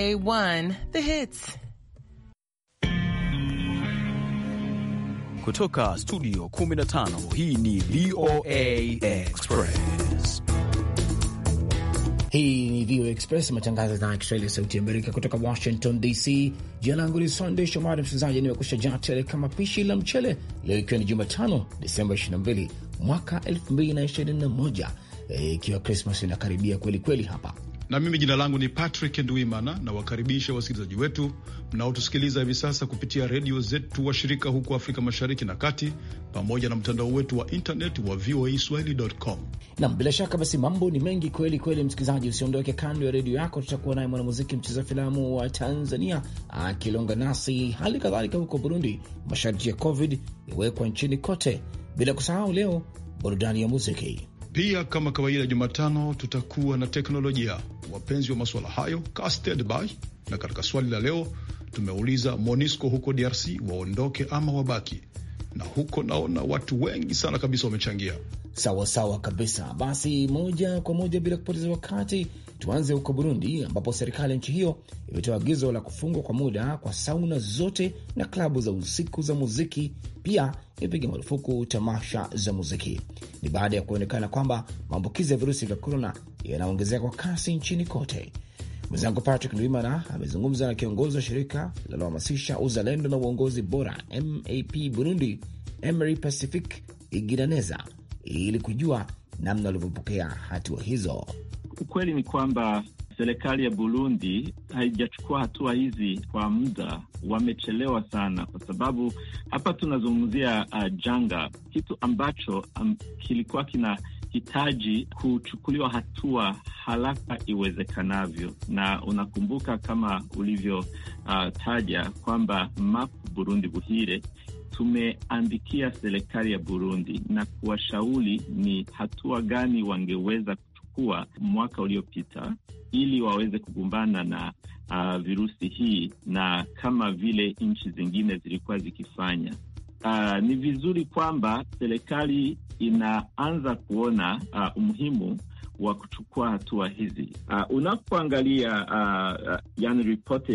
A1, the hits. Kutoka studio 15 hii ni VOA Express. Hii ni VOA Express, matangazo ya idhaa ya Kiswahili ya Sauti ya Amerika kutoka Washington DC. Jina langu ni sandey Shomari, msikilizaji nimekusha jaa tele kama pishi la mchele, leo ikiwa ni Jumatano Desemba 22 mwaka 2021, eh, ikiwa Krismas inakaribia kweli kweli hapa na mimi jina langu ni Patrick Nduimana, na wakaribisha wasikilizaji wetu mnaotusikiliza hivi sasa kupitia redio zetu washirika huko Afrika Mashariki na Kati, pamoja na mtandao wetu wa internet wa VOA swahili.com. Nam, bila shaka basi mambo ni mengi kweli kweli. Msikilizaji, usiondoke kando ya redio yako, tutakuwa naye mwanamuziki mcheza filamu wa Tanzania akilonga nasi, hali kadhalika huko Burundi masharti ya COVID yawekwa nchini kote, bila kusahau leo burudani ya muziki. Pia kama kawaida, Jumatano tutakuwa na teknolojia, wapenzi wa masuala hayo casted by. Na katika swali la leo tumeuliza MONUSCO huko DRC waondoke ama wabaki, na huko naona watu wengi sana kabisa wamechangia. Sawa sawa kabisa, basi moja kwa moja bila kupoteza wakati Tuanze huko Burundi, ambapo serikali ya nchi hiyo imetoa agizo la kufungwa kwa muda kwa sauna zote na klabu za usiku za muziki. Pia imepiga marufuku tamasha za muziki. Ni baada ya kuonekana kwamba maambukizi ya virusi vya korona yanaongezeka kwa kasi nchini kote. Mwenzangu Patrick Ndwimana amezungumza na kiongozi wa shirika linalohamasisha uzalendo na uongozi bora MAP Burundi, Emery Pacific Igiraneza, ili kujua namna walivyopokea hatua hizo. Ukweli ni kwamba serikali ya Burundi haijachukua hatua hizi kwa muda, wamechelewa sana, kwa sababu hapa tunazungumzia uh, janga, kitu ambacho um, kilikuwa kina hitaji kuchukuliwa hatua haraka iwezekanavyo. Na unakumbuka kama ulivyotaja uh, kwamba map Burundi Buhire tumeandikia serikali ya Burundi na kuwashauri ni hatua gani wangeweza kuwa mwaka uliopita ili waweze kugombana na uh, virusi hii na kama vile nchi zingine zilikuwa zikifanya. Uh, ni vizuri kwamba serikali inaanza kuona uh, umuhimu wa kuchukua hatua hizi. Uh, unapoangalia uh, uh, yani ripoti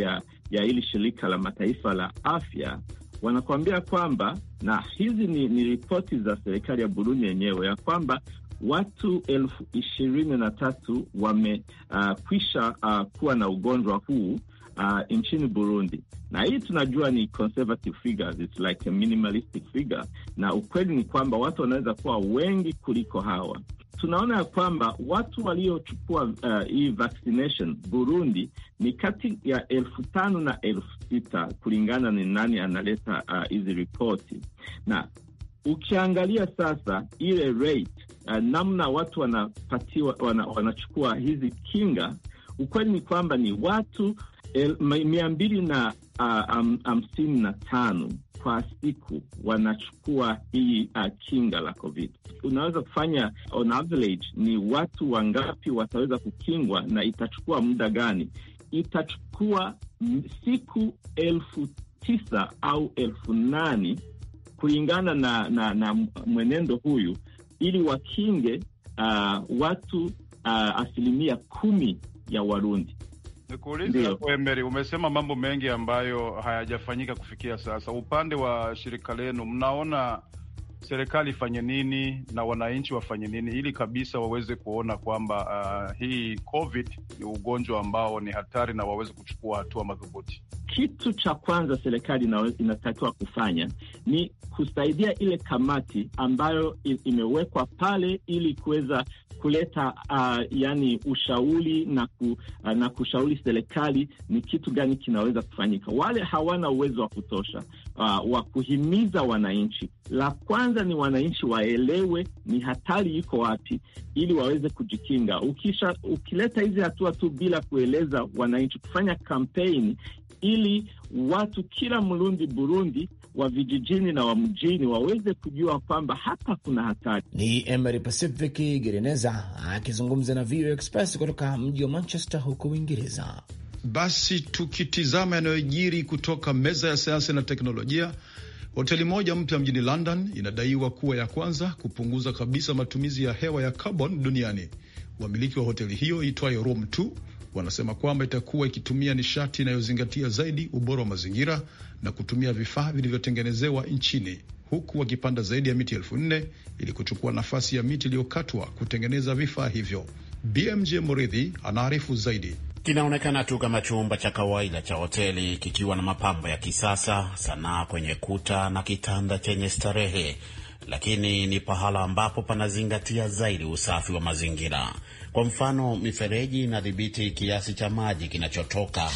ya hili shirika la mataifa la afya wanakuambia kwamba, na hizi ni, ni ripoti za serikali ya Burundi yenyewe, ya kwamba watu elfu ishirini na tatu wamekwisha ah, uh, ah, uh, kuwa na ugonjwa huu uh, nchini Burundi, na hii tunajua ni conservative figures, it's like a minimalistic figure, na ukweli ni kwamba watu wanaweza kuwa wengi kuliko hawa. Tunaona ya kwamba watu waliochukua uh, hii vaccination Burundi ni kati ya elfu tano na elfu sita kulingana ni nani analeta hizi uh, ripoti, na ukiangalia sasa ile rate uh, namna watu wanapatiwa wana, wanachukua hizi kinga, ukweli ni kwamba ni watu el, mia mbili na uh, hamsini uh, na tano kwa siku wanachukua hii uh, kinga la COVID. Unaweza kufanya on average ni watu wangapi wataweza kukingwa na itachukua muda gani? Itachukua siku elfu tisa au elfu nane kulingana na, na, na mwenendo huyu ili wakinge uh, watu uh, asilimia kumi ya Warundi. Nikuulize umesema mambo mengi ambayo hayajafanyika kufikia sasa. Upande wa shirika lenu mnaona serikali ifanye nini na wananchi wafanye nini ili kabisa waweze kuona kwamba uh, hii COVID ni ugonjwa ambao ni hatari na waweze kuchukua hatua madhubuti. Kitu cha kwanza serikali inatakiwa kufanya ni kusaidia ile kamati ambayo imewekwa pale ili kuweza kuleta uh, yani ushauri na, ku, uh, na kushauri serikali ni kitu gani kinaweza kufanyika. Wale hawana uwezo wa kutosha uh, wa kuhimiza wananchi. La kwanza ni wananchi waelewe ni hatari iko wapi, ili waweze kujikinga. Ukisha, ukileta hizi hatua tu bila kueleza wananchi, kufanya kampeni ili watu kila Mrundi, Burundi, wa vijijini na wa mjini waweze kujua kwamba hapa kuna hatari. Ni Emery Pacific Gereneza akizungumza na VOA Express kutoka mji wa Manchester huko Uingereza. Basi tukitizama yanayojiri kutoka meza ya sayansi na teknolojia, hoteli moja mpya mjini London inadaiwa kuwa ya kwanza kupunguza kabisa matumizi ya hewa ya carbon duniani. Wamiliki wa hoteli hiyo itwayo Room 2 wanasema kwamba itakuwa ikitumia nishati inayozingatia zaidi ubora wa mazingira na kutumia vifaa vilivyotengenezewa nchini, huku wakipanda zaidi ya miti elfu nne ili kuchukua nafasi ya miti iliyokatwa kutengeneza vifaa hivyo. BMJ Muridhi anaarifu zaidi. Kinaonekana tu kama chumba cha kawaida cha hoteli kikiwa na mapambo ya kisasa, sanaa kwenye kuta na kitanda chenye starehe, lakini ni pahala ambapo panazingatia zaidi usafi wa mazingira. Kwa mfano, mifereji inadhibiti kiasi cha maji kinachotoka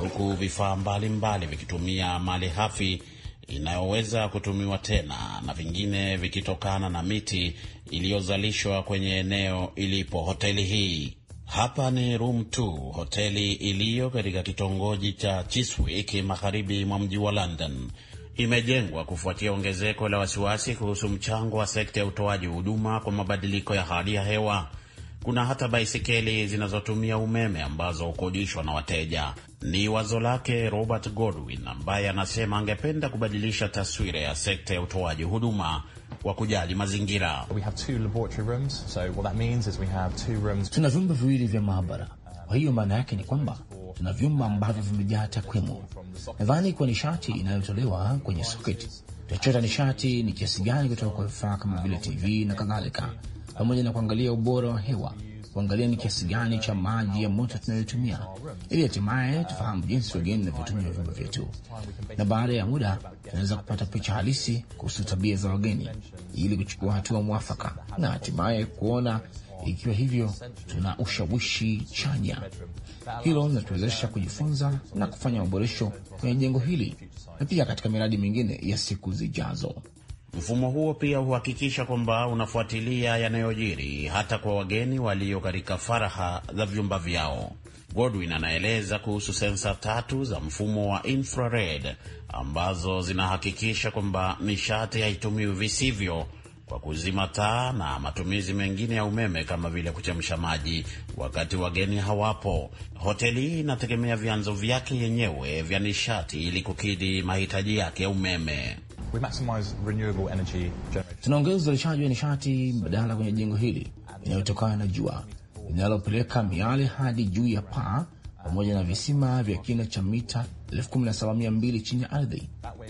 huku vifaa mbalimbali vikitumia mali hafi inayoweza kutumiwa tena na vingine vikitokana na miti iliyozalishwa kwenye eneo ilipo hoteli hii. Hapa ni Room 2, hoteli iliyo katika kitongoji cha Chiswick magharibi mwa mji wa London. Imejengwa kufuatia ongezeko la wasiwasi kuhusu mchango wa sekta ya utoaji huduma kwa mabadiliko ya hali ya hewa kuna hata baisikeli zinazotumia umeme ambazo hukodishwa na wateja. Ni wazo lake Robert Godwin, ambaye anasema angependa kubadilisha taswira ya sekta ya utoaji huduma wa kujali mazingira. Tuna vyumba viwili vya maabara, kwa hiyo maana yake ni kwamba tuna vyumba ambavyo vimejaa takwimu. Nadhani kwa nishati inayotolewa kwenye soketi, tutachota nishati ni kiasi gani kutoka kwa vifaa kama vile TV na kadhalika pamoja na kuangalia ubora wa hewa, kuangalia ni kiasi gani cha maji ya moto tunayotumia, ili hatimaye tufahamu jinsi wageni inavyotumia vyombo vyetu, na baada ya muda tunaweza kupata picha halisi kuhusu tabia za wageni, ili kuchukua hatua mwafaka na hatimaye kuona ikiwa hivyo tuna ushawishi chanya. Hilo linatuwezesha kujifunza na kufanya maboresho kwenye jengo hili na pia katika miradi mingine ya siku zijazo. Mfumo huo pia huhakikisha kwamba unafuatilia yanayojiri hata kwa wageni walio katika faraha za vyumba vyao. Godwin anaeleza kuhusu sensa tatu za mfumo wa infrared ambazo zinahakikisha kwamba nishati haitumiwi visivyo kwa kuzima taa na matumizi mengine ya umeme kama vile kuchemsha maji wakati wageni hawapo. Hoteli hii inategemea vyanzo vyake yenyewe vya nishati ili kukidhi mahitaji yake ya umeme. Tunaongeza uzalishaji wa nishati mbadala kwenye jengo hili inayotokana na jua linalopeleka miale hadi juu ya paa pamoja na visima vya kina cha mita 17200 chini ya ardhi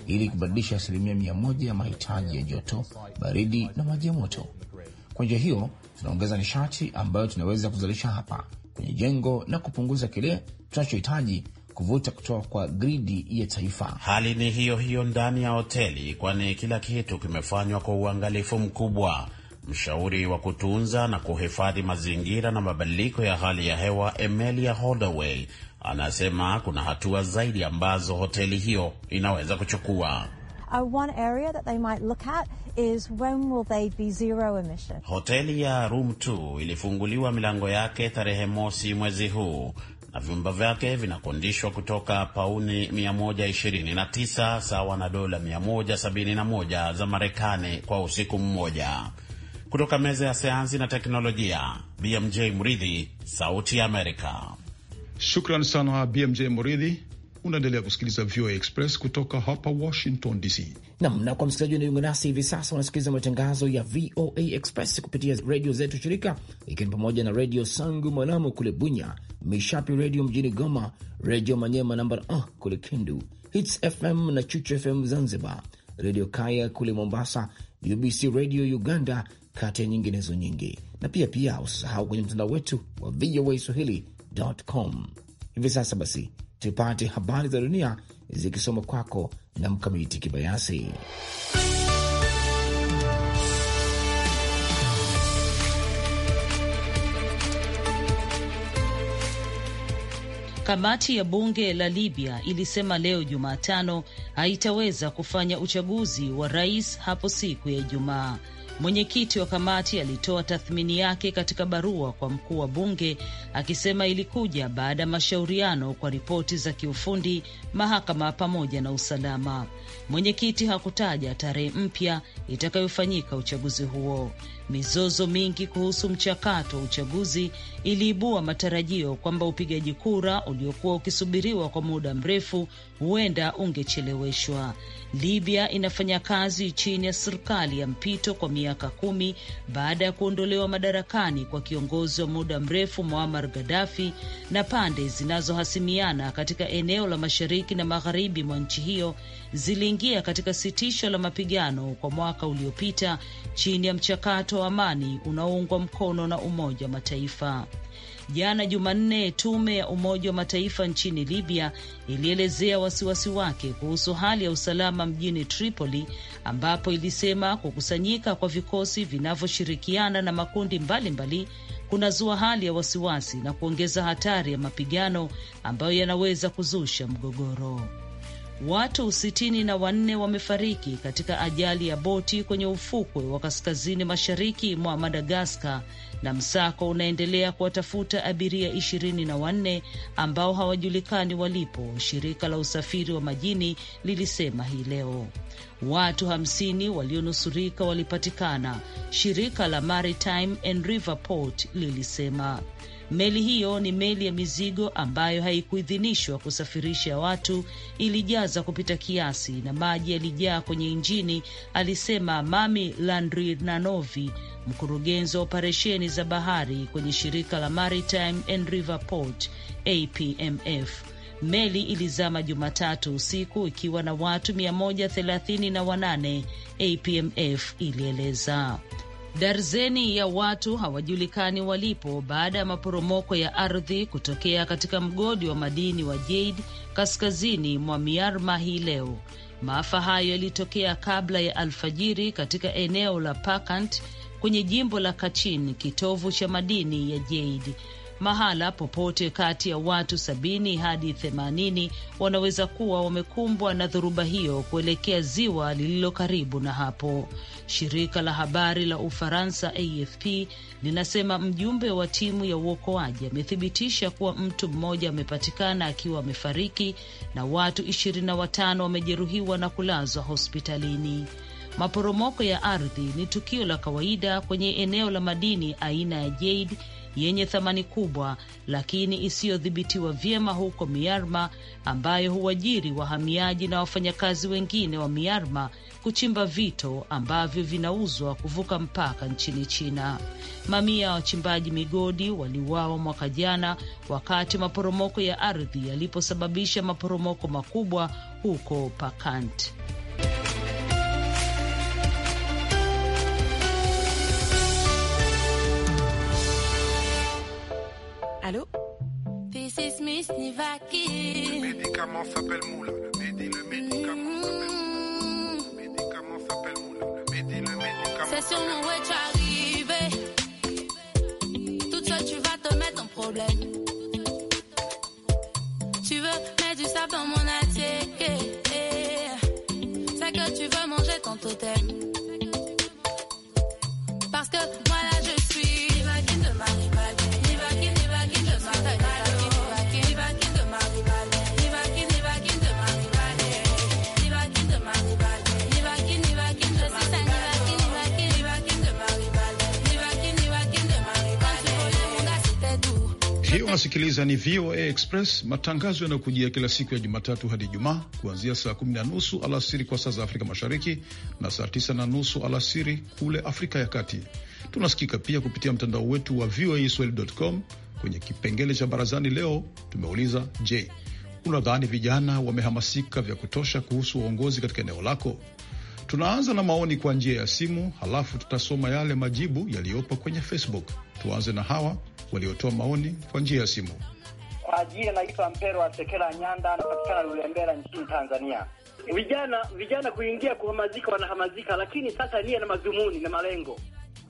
ili kubadilisha asilimia mia moja ya mahitaji ya joto, baridi na maji ya moto. Kwa njia hiyo tunaongeza nishati ambayo tunaweza kuzalisha hapa kwenye jengo na kupunguza kile tunachohitaji kuvuta kutoka kwa gridi ya taifa. Hali ni hiyo hiyo ndani ya hoteli, kwani kila kitu kimefanywa kwa uangalifu mkubwa. Mshauri wa kutunza na kuhifadhi mazingira na mabadiliko ya hali ya hewa Emelia Holdaway anasema kuna hatua zaidi ambazo hoteli hiyo inaweza kuchukua. Uh, hoteli ya Room 2 ilifunguliwa milango yake tarehe mosi mwezi huu na vyumba vyake vinakondishwa kutoka pauni 129 sawa na dola 171 za Marekani kwa usiku mmoja. Kutoka meza ya sayansi na teknolojia, BMJ Mridhi, Sauti ya Amerika. Shukran sana BMJ Muridhi. Unaendelea kusikiliza VOA Express kutoka hapa Washington DC nam. Na kwa msikilizaji unajiunga nasi hivi sasa, unasikiliza matangazo ya VOA Express kupitia redio zetu shirika, ikiwa ni pamoja na Redio Sangu Malamu kule Bunya, Mishapi Redio mjini Goma, Redio Manyema namba uh, kule Kindu, Hits FM na Chuchu FM Zanzibar, Redio Kaya kule Mombasa, UBC Redio Uganda, kati ya nyinginezo nyingi, na pia pia usisahau kwenye mtandao wetu wa VOA Swahili com. Hivi sasa basi, tupate habari za dunia zikisoma kwako na Mkamiti Kibayasi. Kamati ya bunge la Libya ilisema leo Jumatano haitaweza kufanya uchaguzi wa rais hapo siku ya Ijumaa Mwenyekiti wa kamati alitoa tathmini yake katika barua kwa mkuu wa bunge akisema ilikuja baada ya mashauriano kwa ripoti za kiufundi, mahakama pamoja na usalama. Mwenyekiti hakutaja tarehe mpya itakayofanyika uchaguzi huo. Mizozo mingi kuhusu mchakato wa uchaguzi iliibua matarajio kwamba upigaji kura uliokuwa ukisubiriwa kwa muda mrefu huenda ungecheleweshwa. Libya inafanya kazi chini ya serikali ya mpito kwa mia miaka kumi baada ya kuondolewa madarakani kwa kiongozi wa muda mrefu Muammar Gaddafi na pande zinazohasimiana katika eneo la mashariki na magharibi mwa nchi hiyo ziliingia katika sitisho la mapigano kwa mwaka uliopita chini ya mchakato wa amani unaoungwa mkono na Umoja wa Mataifa. Jana Jumanne, tume ya Umoja wa Mataifa nchini Libya ilielezea wasiwasi wake kuhusu hali ya usalama mjini Tripoli, ambapo ilisema kukusanyika kwa vikosi vinavyoshirikiana na makundi mbalimbali mbali, kunazua hali ya wasiwasi na kuongeza hatari ya mapigano ambayo yanaweza kuzusha mgogoro. Watu sitini na wanne wamefariki katika ajali ya boti kwenye ufukwe wa kaskazini mashariki mwa Madagaskar na msako unaendelea kuwatafuta abiria ishirini na wanne ambao hawajulikani walipo, shirika la usafiri wa majini lilisema hii leo. Watu hamsini walionusurika walipatikana, shirika la Maritime and River Port lilisema. Meli hiyo ni meli ya mizigo ambayo haikuidhinishwa kusafirisha watu, ilijaza kupita kiasi na maji yalijaa kwenye injini, alisema Mami Landrinanovi, mkurugenzi wa operesheni za bahari kwenye shirika la Maritime and River Port APMF. Meli ilizama Jumatatu usiku ikiwa na watu 138 APMF ilieleza. Darzeni ya watu hawajulikani walipo baada ya maporomoko ya ardhi kutokea katika mgodi wa madini wa jade kaskazini mwa Myanmar hii leo. Maafa hayo yalitokea kabla ya alfajiri katika eneo la Pakant kwenye jimbo la Kachin, kitovu cha madini ya jade mahala popote kati ya watu sabini hadi themanini wanaweza kuwa wamekumbwa na dhoruba hiyo kuelekea ziwa lililo karibu na hapo. Shirika la habari la Ufaransa AFP linasema mjumbe wa timu ya uokoaji amethibitisha kuwa mtu mmoja amepatikana akiwa amefariki na watu ishirini na watano wamejeruhiwa na kulazwa hospitalini. Maporomoko ya ardhi ni tukio la kawaida kwenye eneo la madini aina ya jade yenye thamani kubwa lakini isiyodhibitiwa vyema huko Myanmar, ambayo huajiri wahamiaji na wafanyakazi wengine wa Myanmar kuchimba vito ambavyo vinauzwa kuvuka mpaka nchini China. Mamia ya wachimbaji migodi waliuawa mwaka jana wakati maporomoko ya ardhi yaliposababisha maporomoko makubwa huko Pakant. Allô This is Miss Nivaki. Le médicament s'appelle Moula. Le médi, le médicament s'appelle Moula. Le médicament Le médicament. C'est sur mon way tu Tout Toute seule, tu vas te mettre en problème. Tu veux mettre du sable dans mon atelier. C'est que tu veux manger ton totem. unasikiliza ni VOA Express, matangazo yanayokujia kila siku ya Jumatatu hadi Ijumaa kuanzia saa kumi na nusu alasiri kwa saa za Afrika Mashariki na saa tisa na nusu alasiri kule Afrika ya Kati. Tunasikika pia kupitia mtandao wetu wa voaswahili.com. Kwenye kipengele cha barazani leo tumeuliza, je, unadhani vijana wamehamasika vya kutosha kuhusu uongozi katika eneo lako? Tunaanza na maoni kwa njia ya simu, halafu tutasoma yale majibu yaliyopo kwenye Facebook. Tuanze na hawa waliotoa maoni kwa njia ya simu. Kwa jina naitwa Mpero wa Nyanda, anapatikana Lulembera nchini Tanzania. Vijana vijana kuingia kuhamazika, wanahamazika, lakini sasa niye na madhumuni na malengo,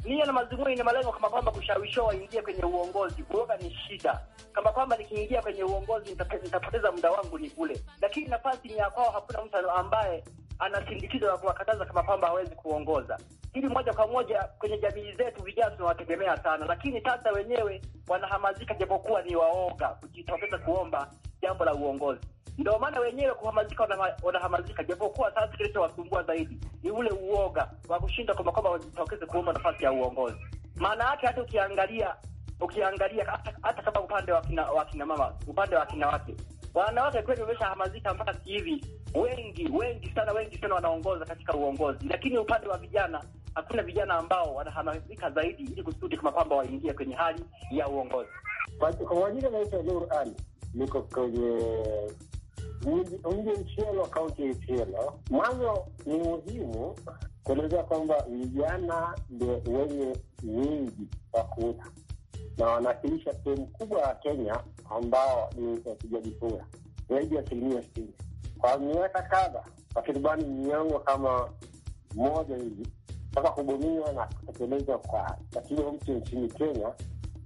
niye na madhumuni na malengo, kama kwamba kushawishiwa waingie kwenye uongozi. Kuoga ni shida, kama kwamba nikiingia kwenye uongozi nitapoteza muda wangu ni kule, lakini nafasi ni ya kwao, hakuna mtu ambaye anasindikizwa na kuwakataza kama kwamba hawezi kuongoza. Hili moja kwa moja kwenye jamii zetu vijana tunawategemea sana, lakini sasa wenyewe wanahamazika, japokuwa ni waoga kujitokeza kuomba jambo la uongozi. Ndio maana wenyewe kuhamazika, wanahamazika, japokuwa sasa kilichowasumbua zaidi ni ule uoga wa kushinda kwamba kwamba wajitokeze kuomba nafasi ya uongozi. Maana yake hata ukiangalia ukiangalia hata kama upande wa kina wa kina mama upande wa kina wake wanawake kwetu wameshahamazika mpaka hivi, wengi wengi sana, wengi sana wanaongoza katika uongozi, lakini upande wa vijana hakuna vijana ambao wanahamasika zaidi, ili kusudi kama kwamba waingie kwenye hali ya uongozi. Kwa majina naitwa Nur Ali, niko kwenye mji kaunti ya Mchelo. Mwanzo ni muhimu kuelezea kwamba vijana ndio wenye wingi wa kuta na wanawakilisha sehemu kubwa ya Kenya ambao ni wapigaji kura zaidi ya asilimia sitini. Kwa miaka kadha takribani miongo kama moja hivi mpaka kubuniwa na kutekelezwa kwa katiba mpya nchini Kenya,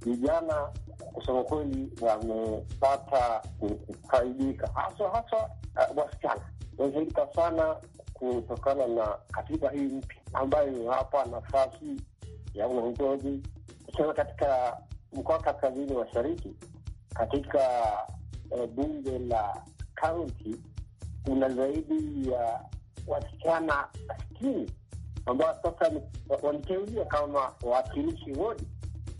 vijana kusema kweli wamepata kufaidika, haswa haswa uh, wasichana wamefaidika sana kutokana na katiba hii mpya ambayo imewapa nafasi ya uongozi, kusema katika mkoa wa kaskazini mashariki katika e, bunge la kaunti kuna zaidi ya uh, wasichana sitini ambao sasa waliteuliwa kama wawakilishi wodi.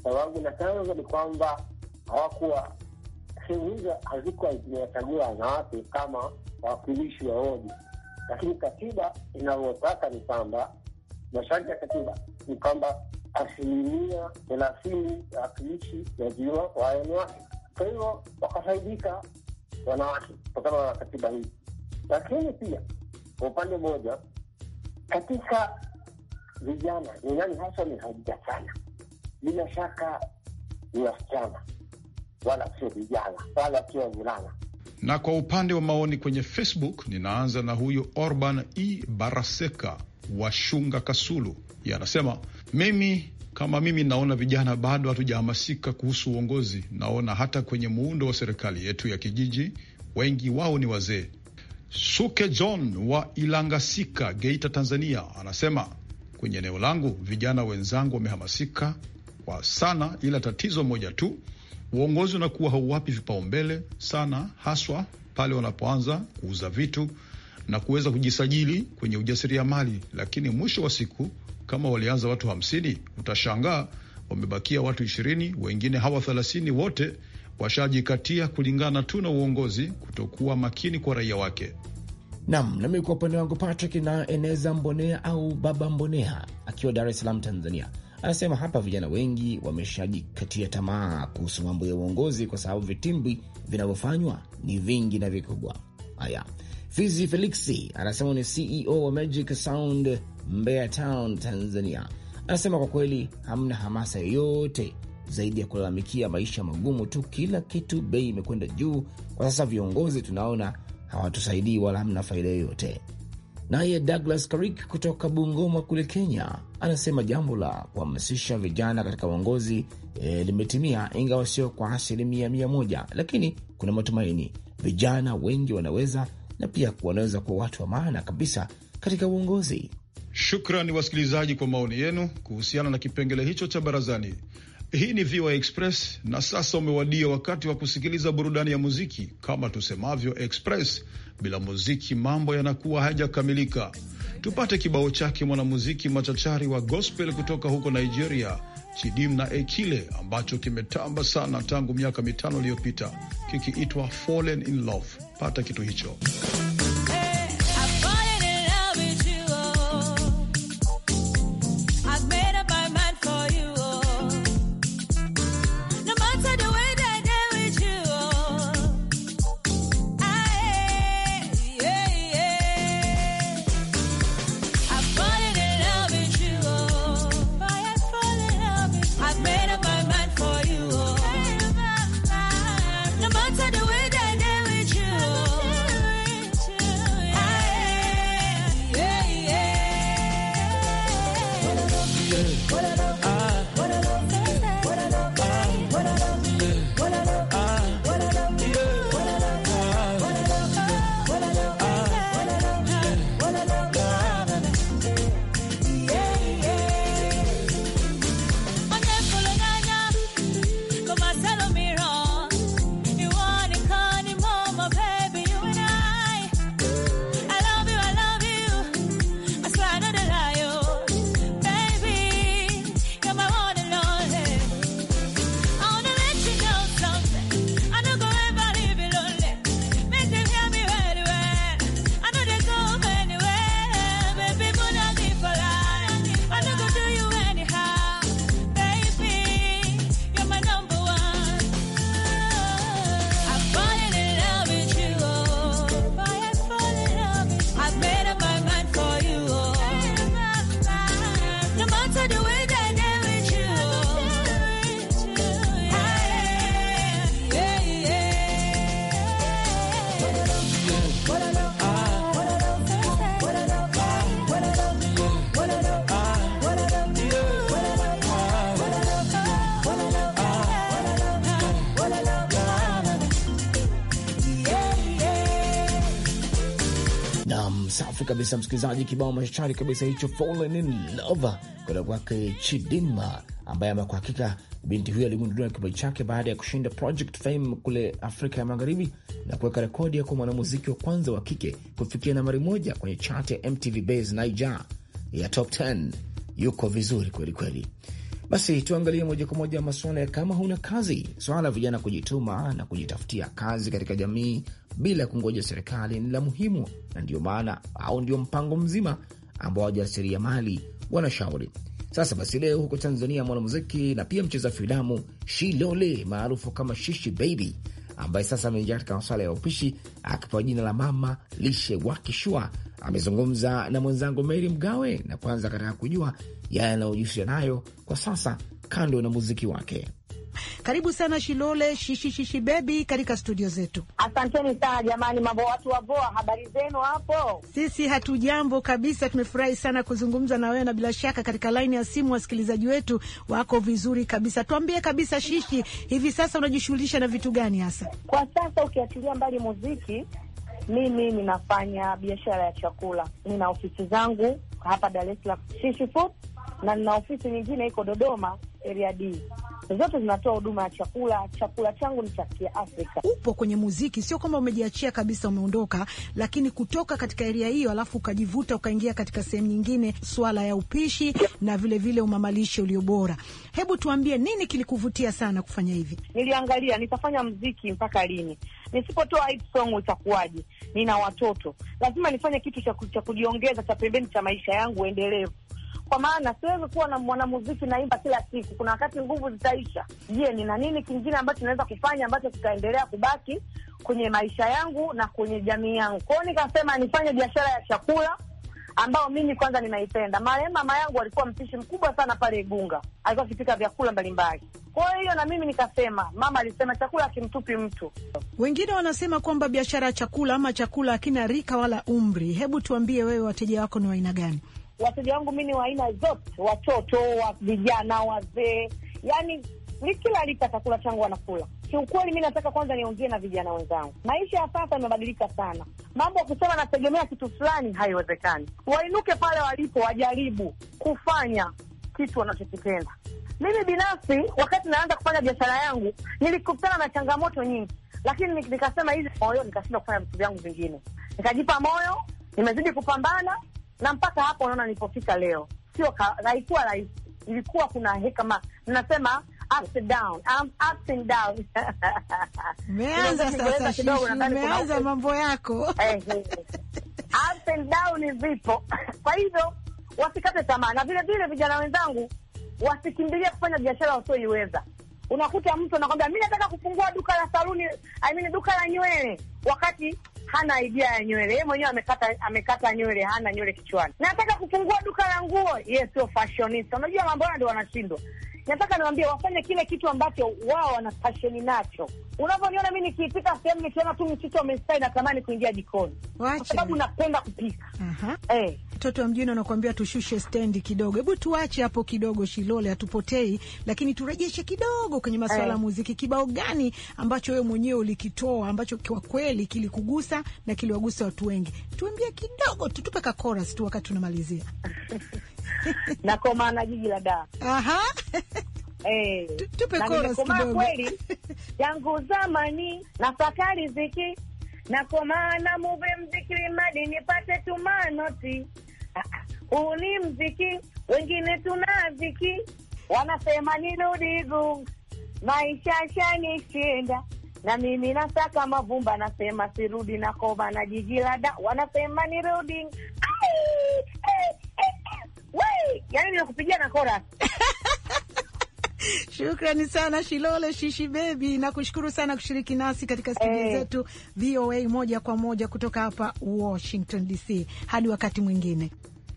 Sababu na chanzo ni kwamba hawakuwa sehemu hizo hazikuwa zimewachagua wanawake kama wawakilishi wa wodi, lakini katiba inavyotaka ni kwamba masharti ya katiba ni kwamba asilimia thelathini ya wakilishi yajiwa wa wanawake. Kwa hivyo wakafaidika wanawake kutokana na katiba hii, lakini pia kwa upande mmoja katika vijana ninani hasa ni haija sana, bila shaka ni wasichana, wala sio vijana, wala sio wavulana Na kwa upande wa maoni kwenye Facebook, ninaanza na huyu Orban E Baraseka wa shunga Kasulu anasema mimi kama mimi naona vijana bado hatujahamasika kuhusu uongozi. Naona hata kwenye muundo wa serikali yetu ya kijiji wengi wao ni wazee. Suke John wa Ilangasika, Geita, Tanzania, anasema kwenye eneo langu vijana wenzangu wamehamasika kwa sana, ila tatizo moja tu, uongozi unakuwa hauwapi vipaumbele sana, haswa pale wanapoanza kuuza vitu na kuweza kujisajili kwenye ujasiriamali, lakini mwisho wa siku kama walianza watu hamsini, utashangaa wamebakia watu ishirini, wengine hawa thelathini, wote washajikatia kulingana tu na uongozi kutokuwa makini kwa raia wake. Nam nami kwa upande wangu Patrick na Eneza Mbonea au Baba Mbonea akiwa Dar es Salaam, Tanzania, anasema hapa vijana wengi wameshajikatia tamaa kuhusu mambo ya uongozi kwa sababu vitimbwi vinavyofanywa ni vingi na vikubwa. Haya, Fizi Felixi anasema ni CEO wa Magic Sound Mbeya Town, Tanzania, anasema kwa kweli hamna hamasa yoyote zaidi ya kulalamikia maisha magumu tu. Kila kitu bei imekwenda juu kwa sasa, viongozi tunaona hawatusaidii wala hamna faida yoyote. Naye Douglas Karik kutoka Bungoma kule Kenya anasema jambo la kuhamasisha vijana katika uongozi e, limetimia, ingawa sio kwa asilimia mia moja, lakini kuna matumaini. Vijana wengi wanaweza na pia wanaweza kuwa watu wa maana kabisa katika uongozi. Shukrani wasikilizaji kwa maoni yenu kuhusiana na kipengele hicho cha barazani. Hii ni VOA Express na sasa umewadia wakati wa kusikiliza burudani ya muziki. Kama tusemavyo Express, bila muziki mambo yanakuwa hayajakamilika. Tupate kibao chake mwanamuziki machachari wa gospel kutoka huko Nigeria, Chidim na Ekile, ambacho kimetamba sana tangu miaka mitano iliyopita, kikiitwa Fallen in Love. Pata kitu hicho. kabisa msikilizaji, kibao machachari kabisa hicho Fallen in Love kutoka kwake Chidinma, ambaye ama kwa hakika binti huyo aligunduliwa kibao chake baada ya kushinda Project Fame kule Afrika ya Magharibi na kuweka rekodi ya kuwa mwanamuziki wa kwanza wa kike kufikia nambari moja kwenye chart ya MTV Base Niger ya top 10. Yuko vizuri kwelikweli kweli. Basi tuangalie moja kwa moja masuala ya kama huna kazi. Swala la vijana kujituma na kujitafutia kazi katika jamii bila kungoja serikali ni la muhimu, na ndio maana au ndio mpango mzima ambao wajasiriamali wanashauri. Sasa basi, leo huko Tanzania, mwanamuziki na pia mcheza filamu Shilole maarufu kama Shishi Baby, ambaye sasa ameingia katika masuala ya upishi akipewa jina la mama lishe wa Kishua, amezungumza na mwenzangu Meri Mgawe na kwanza akataka kujua yanayojihusisha nayo kwa sasa, kando na muziki wake. Karibu sana Shilole Shishishishi Bebi katika studio zetu. Asanteni sana jamani, mambo watu wa VOA, habari zenu hapo? Sisi hatujambo kabisa, tumefurahi sana kuzungumza na wewe, na bila shaka katika laini ya simu wasikilizaji wetu wako vizuri kabisa. Tuambie kabisa, Shishi, hivi sasa unajishughulisha na vitu gani hasa kwa sasa, ukiachilia mbali muziki? Mimi ninafanya biashara ya chakula, nina ofisi zangu hapa Dar es Salaam, Shishi Food na nina ofisi nyingine iko Dodoma area D. Zote zinatoa huduma ya chakula. Chakula changu ni cha Kiafrika. Upo kwenye muziki, sio kwamba umejiachia kabisa, umeondoka, lakini kutoka katika area hiyo alafu ukajivuta ukaingia katika sehemu nyingine, swala ya upishi na vilevile vile umamalishe ulio bora. Hebu tuambie nini kilikuvutia sana kufanya hivi? Niliangalia nitafanya mziki mpaka lini? Nisipotoa hit song itakuwaje? Nina watoto, lazima nifanye kitu cha kujiongeza cha pembeni cha maisha yangu endelevu kwa maana siwezi kuwa na mwanamuziki naimba kila siku, kuna wakati nguvu zitaisha. Je, nina nini kingine ambacho naweza kufanya ambacho kitaendelea kubaki kwenye maisha yangu na kwenye jamii yangu? Kwao nikasema nifanye biashara ya chakula ambao mimi kwanza ninaipenda. Marehemu mama yangu alikuwa mpishi mkubwa sana pale Igunga, alikuwa akipika vyakula mbalimbali. Kwa hiyo na mimi nikasema, mama alisema chakula akimtupi mtu. Wengine wanasema kwamba biashara ya chakula ama chakula hakina rika wala umri. Hebu tuambie wewe, wateja wako ni wa aina gani? Wateja wangu mi ni wa aina zote, watoto, wa vijana, wazee, yani kila lika chakula changu wanakula. Kiukweli mi nataka kwanza niongee na vijana wenzangu. Maisha ya sasa yamebadilika sana, mambo ya kusema nategemea kitu fulani haiwezekani. Wainuke pale walipo, wajaribu kufanya kitu wanachokipenda. Mimi binafsi, wakati naanza kufanya biashara yangu, nilikutana na changamoto nyingi, lakini nikasema hizi moyo, nikashinda kufanya vitu vyangu vingine, nikajipa moyo, nimezidi kupambana na mpaka hapo unaona nilipofika leo sio haikuwa rahisi, ilikuwa kuna hekima, nasema ups down, and down. Um, meanza sasa kidogo, meanza mambo yako up and down vipo. Kwa hivyo wasikate tamaa, na vile vile vijana wenzangu wasikimbilia kufanya biashara wasioiweza. Unakuta mtu anakwambia mi nataka kufungua duka la saluni, I mean, duka la nywele wakati hana idea ya nywele, yeye mwenyewe amekata amekata nywele, hana nywele kichwani. Nataka kufungua duka la nguo, yeye sio fashionista. Unajua mambo hayo ndio wanashindwa nataka niwaambie wafanye kile kitu ambacho wao wana pasheni nacho. Unavyoniona mi nikipika sehemu, nikiona tu mtoto amestai na tamani kuingia jikoni, kwa sababu napenda kupika. Eh, mtoto wa mjini anakuambia tushushe stendi kidogo. Hebu tuache hapo kidogo, Shilole, hatupotei, lakini turejeshe kidogo kwenye masuala ya eh. muziki. Kibao gani ambacho wewe mwenyewe ulikitoa ambacho kwa kweli kilikugusa na kiliwagusa watu wengi? Tuambie kidogo, tutupe kakoras tu wakati tunamalizia na jiji la Dar. Aha. Eh, tupe kidogo. Kweli yangu zamani fakari ziki na kwa maana mube mziki madi nipate tumanoti huu ah, ah, ni mziki, wengine tunaziki, wanasema nirudi gungu, maisha shanishinda na mimi nasaka mavumba, nasema sirudi, nakoma na jiji la da, wanasema nirudi eh, yaani na kora Shukrani sana Shilole Shishi Bebi, nakushukuru sana kushiriki nasi katika studio hey, eh. zetu VOA moja kwa moja kutoka hapa Washington DC. Hadi wakati mwingine.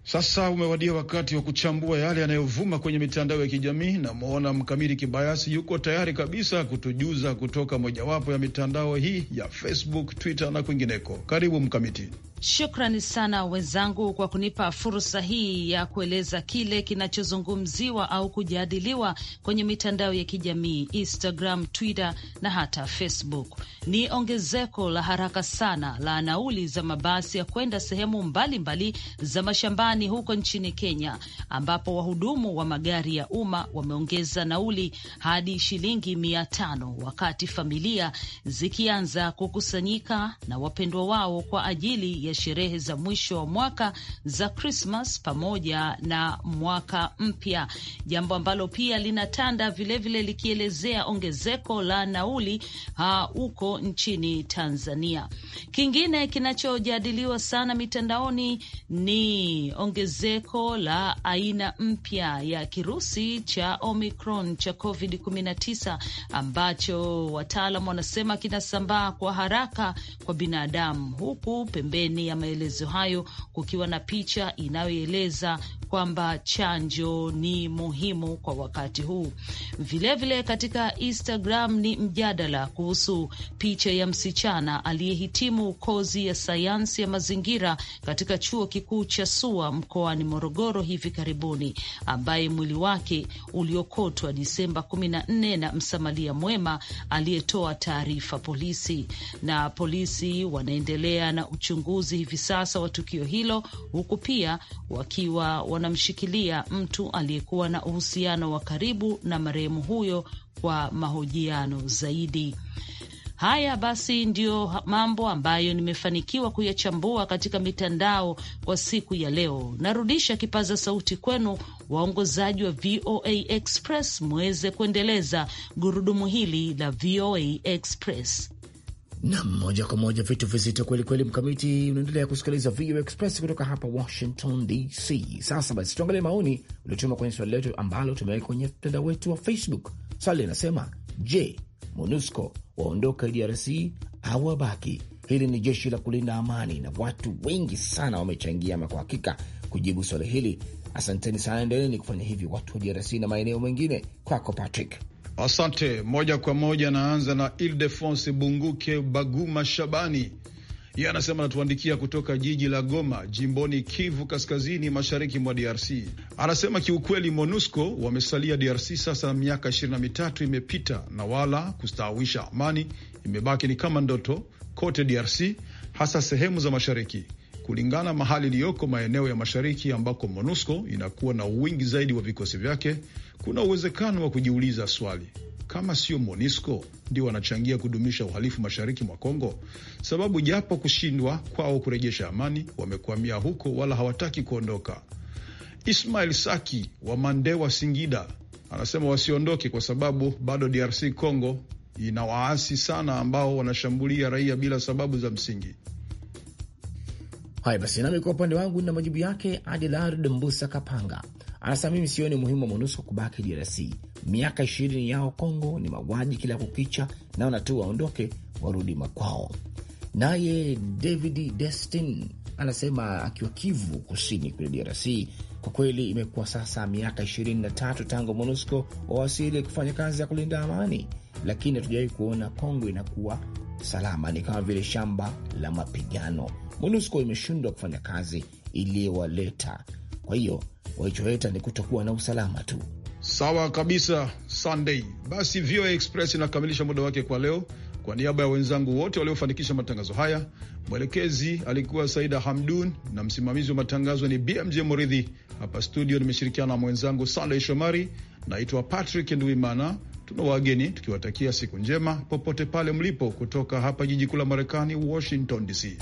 Sasa umewadia wakati wa kuchambua yale yanayovuma kwenye mitandao ya kijamii. Namwona Mkamiri Kibayasi yuko tayari kabisa kutujuza kutoka mojawapo ya mitandao hii ya Facebook, Twitter na kwingineko. Karibu Mkamiti. Shukrani sana wenzangu kwa kunipa fursa hii ya kueleza kile kinachozungumziwa au kujadiliwa kwenye mitandao ya kijamii Instagram, Twitter na hata Facebook. Ni ongezeko la haraka sana la nauli za mabasi ya kwenda sehemu mbalimbali mbali za mashambani huko nchini Kenya, ambapo wahudumu wa magari ya umma wameongeza nauli hadi shilingi mia tano wakati familia zikianza kukusanyika na wapendwa wao kwa ajili ya sherehe za mwisho wa mwaka za Krismas pamoja na mwaka mpya, jambo ambalo pia linatanda vilevile likielezea ongezeko la nauli huko nchini Tanzania. Kingine kinachojadiliwa sana mitandaoni ni ongezeko la aina mpya ya kirusi cha Omicron cha COVID-19 ambacho wataalam wanasema kinasambaa kwa haraka kwa binadamu, huku pembeni chini ya maelezo hayo kukiwa na picha inayoeleza kwamba chanjo ni muhimu kwa wakati huu. Vilevile vile katika Instagram ni mjadala kuhusu picha ya msichana aliyehitimu kozi ya sayansi ya mazingira katika chuo kikuu cha SUA mkoani Morogoro hivi karibuni, ambaye mwili wake uliokotwa Disemba 14 na msamalia mwema aliyetoa taarifa polisi, na polisi wanaendelea na uchunguzi hivi sasa wa tukio hilo huku pia wakiwa wanamshikilia mtu aliyekuwa na uhusiano wa karibu na marehemu huyo kwa mahojiano zaidi. Haya basi, ndiyo mambo ambayo nimefanikiwa kuyachambua katika mitandao kwa siku ya leo. Narudisha kipaza sauti kwenu waongozaji wa VOA Express, muweze kuendeleza gurudumu hili la VOA Express na moja kwa moja vitu vizito kweli kweli. Mkamiti, unaendelea kusikiliza VOA Express kutoka hapa Washington DC. Sasa basi, tuangalie maoni uliotuma kwenye swali letu ambalo tumeweka kwenye mtandao wetu wa Facebook. Swali linasema je, MONUSCO waondoka DRC au wabaki? Hili ni jeshi la kulinda amani na watu wengi sana wamechangia, ama kwa hakika kujibu swali hili. Asanteni sana, endeleni kufanya hivi, watu wa DRC na maeneo mengine. Kwako Patrick. Asante. Moja kwa moja naanza na Ildefonse Bunguke Baguma Shabani, yeye anasema anatuandikia kutoka jiji la Goma, jimboni Kivu Kaskazini, mashariki mwa DRC. Anasema kiukweli, MONUSCO wamesalia DRC sasa miaka ishirini na mitatu imepita na wala kustawisha amani, imebaki ni kama ndoto kote DRC, hasa sehemu za mashariki kulingana mahali iliyoko maeneo ya mashariki ambako MONUSCO inakuwa na wingi zaidi wa vikosi vyake. Kuna uwezekano wa kujiuliza swali kama sio MONUSCO ndio wanachangia kudumisha uhalifu mashariki mwa Kongo, sababu japo kushindwa kwao kurejesha amani, wamekwamia huko, wala hawataki kuondoka. Ismail Saki wa Mandewa, Singida, anasema wasiondoke kwa sababu bado DRC congo ina waasi sana ambao wanashambulia raia bila sababu za msingi. Haya basi, nami kwa upande wangu na majibu yake. Adelard Mbusa Kapanga anasema mimi sioni umuhimu wa MONUSCO kubaki DRC. Miaka ishirini yao Kongo ni mauaji kila kukicha, naona tu waondoke warudi makwao. Naye David Destin anasema akiwa Kivu Kusini kule DRC, kwa kweli imekuwa sasa miaka ishirini na tatu tangu MONUSCO wawasili kufanya kazi ya kulinda amani, lakini hatujawahi kuona Kongo inakuwa salama, ni kama vile shamba la mapigano. MONUSCO imeshindwa kufanya kazi iliyowaleta. Kwa hiyo walicholeta ni kutokuwa na usalama tu. Sawa kabisa, Sunday. Basi VOA Express inakamilisha muda wake kwa leo. Kwa niaba ya wenzangu wote waliofanikisha matangazo haya, mwelekezi alikuwa Saida Hamdun na msimamizi wa matangazo ni BMJ Muridhi. Hapa studio nimeshirikiana na mwenzangu Sunday Shomari. Naitwa Patrick nduimana Tuna wageni tukiwatakia siku njema popote pale mlipo, kutoka hapa jiji kuu la Marekani, Washington DC.